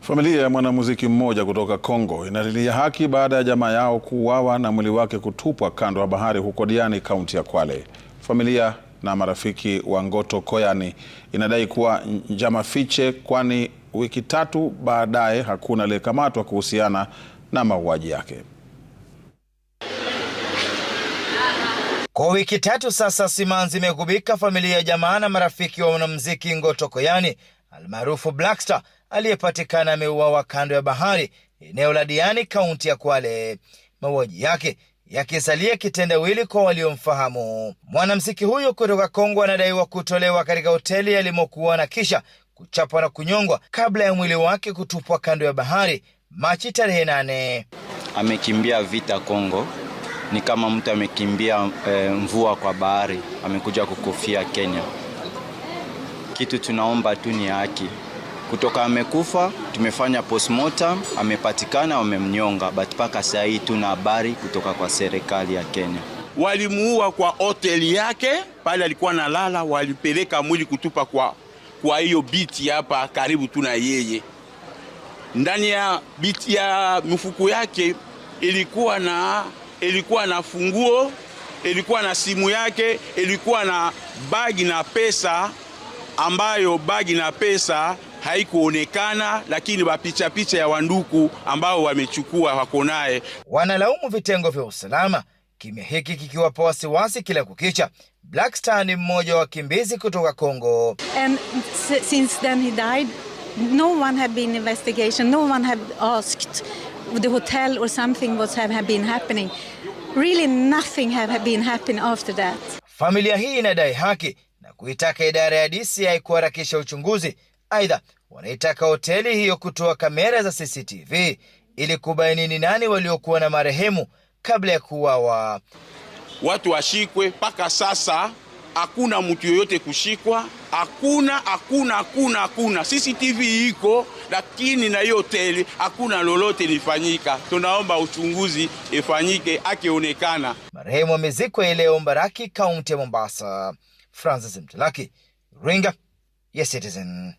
Familia ya mwanamuziki mmoja kutoka Kongo inalilia haki baada ya jamaa yao kuuawa na mwili wake kutupwa kando ya bahari huko Diani, kaunti ya Kwale. Familia na marafiki wa Ngoto Koyani inadai kuwa njama fiche, kwani wiki tatu baadaye hakuna aliyekamatwa kuhusiana na mauaji yake. Kwa wiki tatu sasa, simanzi imegubika familia ya jamaa na marafiki wa mwanamuziki Ngoto Koyani almaarufu Blackstar aliyepatikana ameuawa kando ya bahari eneo la Diani, kaunti ya Kwale. Mauaji yake yakisalia kitendawili kwa waliomfahamu. mwanamziki huyo kutoka Kongo anadaiwa kutolewa katika hoteli alimokuwa na kisha kuchapwa na kunyongwa kabla ya mwili wake kutupwa kando ya bahari Machi tarehe nane. Amekimbia vita Kongo, ni kama mtu amekimbia e, mvua kwa bahari, amekuja kukufia Kenya. Kitu tunaomba tu ni haki kutoka amekufa, tumefanya postmortem, amepatikana, wamemnyonga, but mpaka saa hii tuna habari kutoka kwa serikali ya Kenya. Walimuua kwa hoteli yake pale alikuwa nalala, walipeleka mwili kutupa kwa kwa hiyo biti hapa karibu tuna yeye. Ndani ya biti ya mifuku yake ilikuwa na ilikuwa na funguo, ilikuwa na simu yake, ilikuwa na bagi na pesa ambayo bagi na pesa haikuonekana, lakini wapicha picha ya wanduku ambao wamechukua wako naye. Wanalaumu vitengo vya usalama, kimya hiki kikiwapa wasiwasi kila kukicha. Blackstar ni mmoja wa wakimbizi kutoka Kongo. Familia hii inadai haki na kuitaka idara ya DCI kuharakisha uchunguzi Aidha, wanaitaka hoteli hiyo kutoa kamera za CCTV ili kubaini ni nani waliokuwa na marehemu kabla ya kuwawa Watu washikwe, mpaka sasa hakuna mtu yoyote kushikwa, hakuna hakuna hakuna hakuna. CCTV iko lakini na hiyo hoteli hakuna lolote lifanyika. Tunaomba uchunguzi ifanyike, akionekana marehemu amezikwa ileo Mbaraki, kaunti ya Mombasa. Francis Mtalaki, ringa ya Citizen.